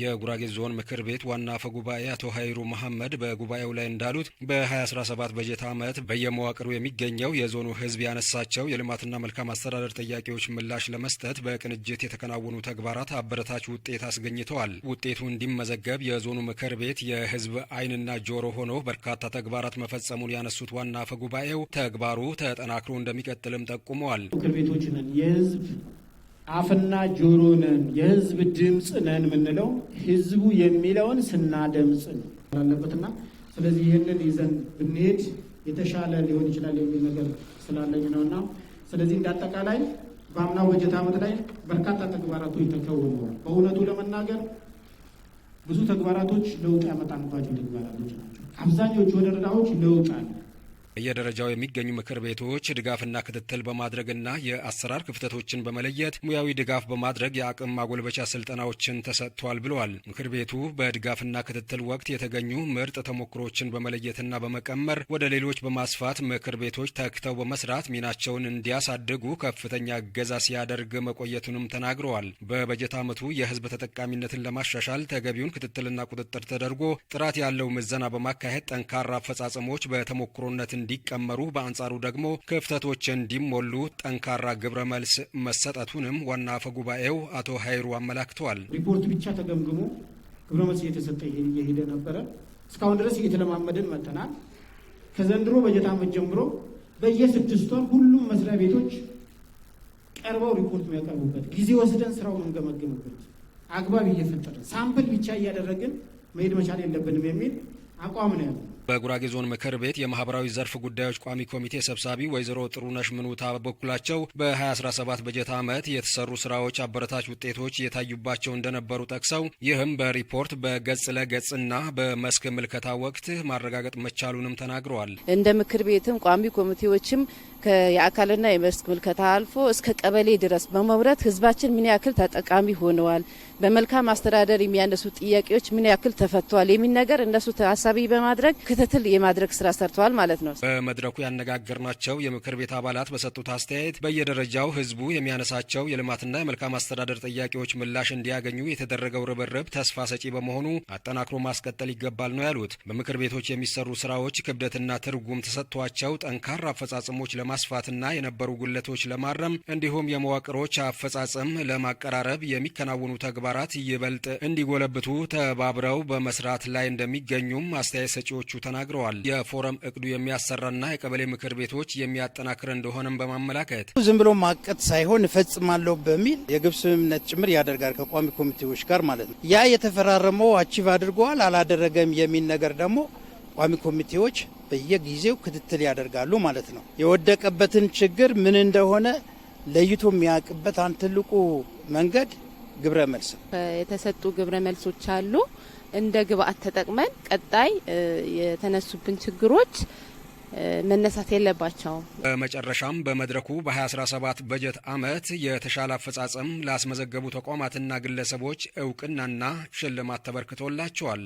የጉራጌ ዞን ምክር ቤት ዋና አፈ ጉባኤ አቶ ሀይሩ መሐመድ በጉባኤው ላይ እንዳሉት በ2017 በጀት ዓመት በየመዋቅሩ የሚገኘው የዞኑ ሕዝብ ያነሳቸው የልማትና መልካም አስተዳደር ጥያቄዎች ምላሽ ለመስጠት በቅንጅት የተከናወኑ ተግባራት አበረታች ውጤት አስገኝተዋል። ውጤቱ እንዲመዘገብ የዞኑ ምክር ቤት የሕዝብ ዓይንና ጆሮ ሆኖ በርካታ ተግባራት መፈጸሙን ያነሱት ዋና አፈ ጉባኤው ተግባሩ ተጠናክሮ እንደሚቀጥልም ጠቁመዋል። ምክር ቤቶችንን የሕዝብ አፍና ጆሮንን የህዝብ ድምፅ ነን የምንለው ህዝቡ የሚለውን ስናደምጽ ነው አለበትና ስለዚህ ይህንን ይዘን ብንሄድ የተሻለ ሊሆን ይችላል የሚል ነገር ስላለኝ ነው እና ስለዚህ እንዳጠቃላይ በአምናው በጀት ዓመት ላይ በርካታ ተግባራቶች ተከውነዋል። በእውነቱ ለመናገር ብዙ ተግባራቶች ለውጥ ያመጣንባቸው ተግባራቶች ናቸው። አብዛኞቹ ወረዳዎች ለውጥ አለ። በየደረጃው የሚገኙ ምክር ቤቶች ድጋፍና ክትትል በማድረግና የአሰራር ክፍተቶችን በመለየት ሙያዊ ድጋፍ በማድረግ የአቅም ማጎልበቻ ስልጠናዎችን ተሰጥቷል ብለዋል። ምክር ቤቱ በድጋፍና ክትትል ወቅት የተገኙ ምርጥ ተሞክሮችን በመለየትና በመቀመር ወደ ሌሎች በማስፋት ምክር ቤቶች ተክተው በመስራት ሚናቸውን እንዲያሳድጉ ከፍተኛ እገዛ ሲያደርግ መቆየቱንም ተናግረዋል። በበጀት ዓመቱ የህዝብ ተጠቃሚነትን ለማሻሻል ተገቢውን ክትትልና ቁጥጥር ተደርጎ ጥራት ያለው ምዘና በማካሄድ ጠንካራ አፈጻጸሞች በተሞክሮነት እንዲቀመሩ፣ በአንጻሩ ደግሞ ክፍተቶች እንዲሞሉ ጠንካራ ግብረ መልስ መሰጠቱንም ዋና አፈ ጉባኤው አቶ ሀይሩ አመላክተዋል። ሪፖርት ብቻ ተገምግሞ ግብረ መልስ እየተሰጠ እየሄደ ነበረ። እስካሁን ድረስ እየተለማመድን መጥተናል። ከዘንድሮ በጀት ዓመት ጀምሮ በየስድስት ወር ሁሉም መስሪያ ቤቶች ቀርበው ሪፖርት የሚያቀርቡበት ጊዜ ወስደን ስራው የምንገመግምበት አግባብ እየፈጠርን ሳምፕል ብቻ እያደረግን መሄድ መቻል የለብንም የሚል አቋም ነው ያለው። በጉራጌ ዞን ምክር ቤት የማህበራዊ ዘርፍ ጉዳዮች ቋሚ ኮሚቴ ሰብሳቢ ወይዘሮ ጥሩነሽ ምኑታ በበኩላቸው በ2017 በጀት ዓመት የተሰሩ ስራዎች አበረታች ውጤቶች የታዩባቸው እንደነበሩ ጠቅሰው ይህም በሪፖርት በገጽ ለገጽና በመስክ ምልከታ ወቅት ማረጋገጥ መቻሉንም ተናግረዋል። እንደ ምክር ቤትም ቋሚ ኮሚቴዎችም የአካልና የመስክ ምልከታ አልፎ እስከ ቀበሌ ድረስ በመምረት ህዝባችን ምን ያክል ተጠቃሚ ሆነዋል፣ በመልካም አስተዳደር የሚያነሱ ጥያቄዎች ምን ያክል ተፈቷል የሚል ነገር እነሱ ታሳቢ በማድረግ ክትትል የማድረግ ስራ ሰርተዋል ማለት ነው። በመድረኩ ያነጋገርናቸው የምክር ቤት አባላት በሰጡት አስተያየት በየደረጃው ህዝቡ የሚያነሳቸው የልማትና የመልካም አስተዳደር ጥያቄዎች ምላሽ እንዲያገኙ የተደረገው ርብርብ ተስፋ ሰጪ በመሆኑ አጠናክሮ ማስቀጠል ይገባል ነው ያሉት። በምክር ቤቶች የሚሰሩ ስራዎች ክብደትና ትርጉም ተሰጥቷቸው ጠንካራ አፈጻጽሞች ለማ ለማስፋትና የነበሩ ጉለቶች ለማረም እንዲሁም የመዋቅሮች አፈጻጸም ለማቀራረብ የሚከናወኑ ተግባራት ይበልጥ እንዲጎለብቱ ተባብረው በመስራት ላይ እንደሚገኙም አስተያየት ሰጪዎቹ ተናግረዋል። የፎረም እቅዱ የሚያሰራና የቀበሌ ምክር ቤቶች የሚያጠናክር እንደሆነም በማመላከት ዝም ብሎ ማቀት ሳይሆን እፈጽማለሁ በሚል የግብ ስምምነት ጭምር ያደርጋል ከቋሚ ኮሚቴዎች ጋር ማለት ነው። ያ የተፈራረመው አቺቭ አድርገዋል አላደረገም የሚል ነገር ደግሞ ቋሚ ኮሚቴዎች በየጊዜው ክትትል ያደርጋሉ ማለት ነው። የወደቀበትን ችግር ምን እንደሆነ ለይቶ የሚያውቅበት አንድ ትልቁ መንገድ ግብረ መልስ ነው። የተሰጡ ግብረ መልሶች አሉ። እንደ ግብአት ተጠቅመን ቀጣይ የተነሱብን ችግሮች መነሳት የለባቸውም። በመጨረሻም በመድረኩ በ2017 በጀት ዓመት የተሻለ አፈጻጸም ላስመዘገቡ ተቋማትና ግለሰቦች እውቅናና ሽልማት ተበርክቶላቸዋል።